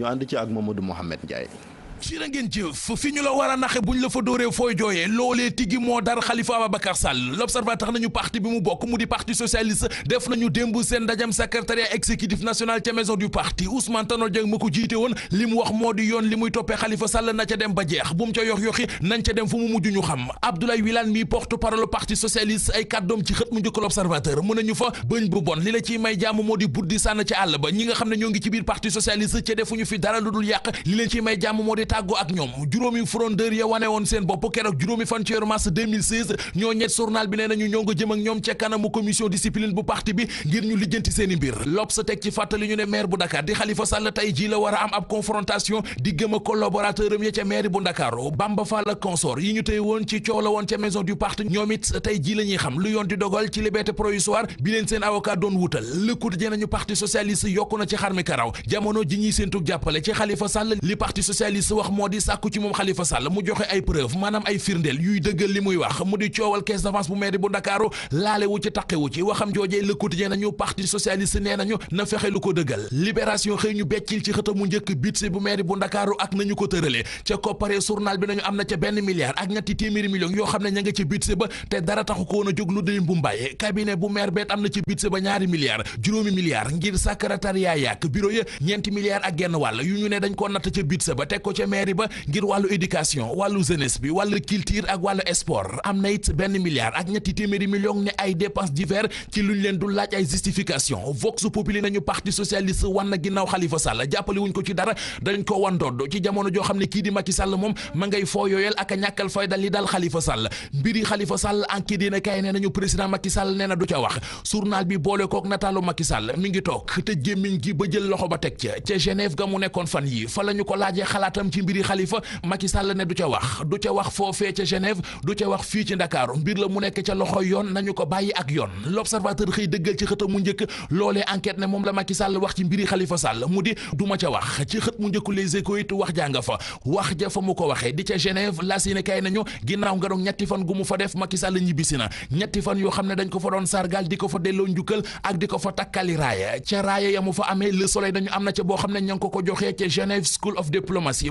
ñu ànd ci ak Mamadou Mouhamed Ndiaye. jërë ngeen jëf fi ñu la war a naxe buñ la fa dóoree fooy jooyee loolee tigi moo dar Khalifa Ababacar Sall l'observateur nañu parti bi mu bokk mu di parti socialiste def nañu démb seen ndajam secrétariat exécutif national ca maison du parti Ousmane Tanor Dieng ma ko jiite woon li mu wax moo di yoon li muy toppee Khalifa Sall na ca dem ba jeex bu mu ca yox yoxi nañ ca dem fu mu mujj ñu xam Abdoulaye Wilane mi porte-parole parti socialiste ay kàddoom ci xët mu njëkk li la ciy may jàmm moo di buddi nga xam ne ñoo ngi ci biir parti socialiste fi dara lu dul yàq li leen ciy jàmm moo tàggoo ak ñoom juróomi frondeur ya wane woon seen bopp keroog juróomi fan ci weeru mars ñoo ñett journal bi nee nañu ñoo nga jëm ñoom ca kanamu commission discipline bu parti bi ngir ñu lijjanti seen i mbir L'Obs teg ci fàttali ñu ne maire bu Dakar di Khalifa Sall tey jii la war am ab confrontation di gëm a ya ca maire bu Dakar Bamba Fall consort yi ñu tey woon ci coow woon ca maison du parti ñoom tey jii la xam lu yoon di wax moo di sàkku ci moom Khalifa Sall mu joxe ay preuve maanaam ay firndeel yuy dëggal li muy wax mu di coowal caisse d'avance bu mairie bu Ndakaaru laalewu ci taqewu ci waxam joojee Le Quotidien nañu parti socialiste nee nañu na fexe lu ko dëggal libération xëy ñu beccil ci xëtamu njëkk budget bu mairie bu Ndakaaru ak nañu ko tëralee ca koppare journal bi nañu am na ca benn milliard ak ñetti téeméeri millions yoo xam ne ña nga ci budget ba te dara taxu a mairie ba ngir wàllu éducation wàllu jeunesse bi wàllu culture ak wàllu sport am na it benn milliard ak ñetti téeméeri million ne ay dépenses divers ci luñ leen du laaj ay justification vox populi nañu parti socialiste wan na ginnaaw Khalifa Sall jàppale wuñ ko ci dara dañ ko wan dodd ci jamono joo xam ne kii di Macky Sall moom ma ngay foo yooyal ak a ñàkkal fayda li daal Khalifa Sall mbiri Khalifa Sall enquête dina kay nee nañu président Macky Sall nee na du ca wax journal bi boole kook nataalu Macky Sall mi ngi toog te gi ba jël loxo ba teg ca ca Genève ga mu ci mbiri Khalifa Macky Sall ne du ca wax du ca wax foofee ca Genève du ca wax fii ci Ndakaaru mbir la mu nekk ca loxo yoon nañu ko bàyyi ak yoon l'observateur xëy dëggal ci xët mu njëkk loolee enquête ne moom la Macky Sall wax ci mbiri Khalifa Sall mu di du ma ca wax ci xët mu njëkku Les Échos it wax jànga fa wax ja fa mu ko waxee di ca Genève la sine kay nañu ginnaaw nga doon ñetti fan gu mu fa def Macky Sall ñibbisi na ñetti fan yoo xam ne dañ ko fa doon sargal di ko fa delloo njukkal ko fa takkali raaya ca raaya ya boo xam ne ña ngi ko ko joxee ca Genève School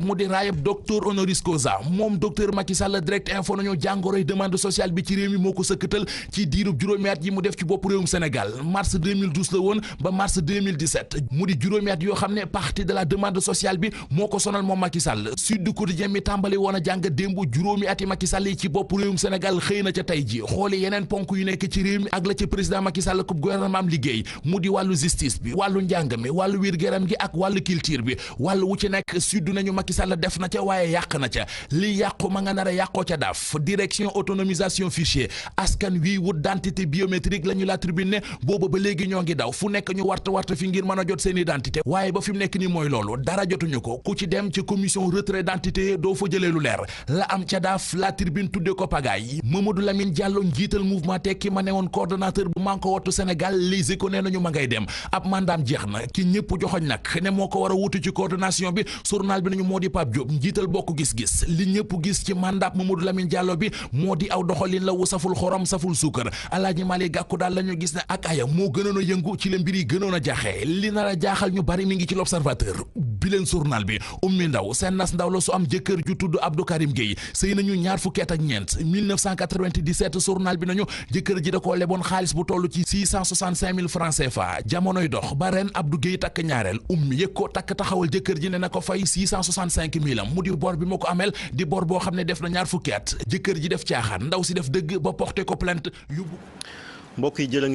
mu di raayab docteur honoris causa moom docteur Macky Sall direct info nañu jàngoroy demande sociale bi ci réew mi moo ko sëkkatal ci diirub juróomi at yi mu di juróomi at yoo xam ci bopp réewum Sénégal xëy na ca tey ji xooli yeneen ponk yu nekk ci réew mi ak la ci président Macky Sall kub gouvernement liggéey mu di wàllu justice bi wàllu njàng mi wàllu wér gu gi ak wàllu culture bi wàllu wu ci nekk sud nañu Macky Sall def na ca waaye yàq na ca li yàqu ma nga nar a yàqoo ca daaf direction autonomisation fichier askan wi wut identité biométrique la ñu la tribune ne booba ba léegi ñoo ngi daw fu nekk ñu warta warta fi ngir man a jot seen identité waaye ba fi mu nekk nii mooy loolu dara jotuñu ko ku ci dem ci commission retrait d'identité doo fa jëlee lu leer la am ca daaf la tribune tudde ko pagaay Mamadou Lamine Diallo njiital mouvement tekki ma ne woon coordonnateur bu Manko Wattu Sénégal Les Échos nee nañu ma ngay dem ab mandaam jeex na ki ñëpp joxoñ nag ne moo ko war a ci coordination bi di Pape Diop njiital bokk gis-gis li ñëpp gis ci mandat Mamadou Lamine Diallo bi moo di aw doxalin la wu saful xorom saful suukar Alaaji Malick Gakou daal la gis ne ak aya moo gënoon a yëngu ci la mbir yi gënoon a jaaxee li na a jaaxal ñu bari mu ngi ci l'observateur ubbi leen journal bi ummi ndaw seen nas ndaw la su am jëkkër ju tudd Abdou Karim Gueye sëy nañu ñaar fukki at ak ñeent 1997 journal bi nañu jëkkër ji da koo leboon xaalis bu toll ci 665 000 francs CFA jamonoy dox ba ren Abdou Gueye takk ñaareel ummi yëg ko takk taxawal jëkkër ji ne na ko fay 665 am mu di bor bi ma ko amel di bor boo xam ne def na ñaar fukki jëkkër ji def caaxaan ndaw si def dëgg ba porté ko plainte yóbbu mbokk yi jëla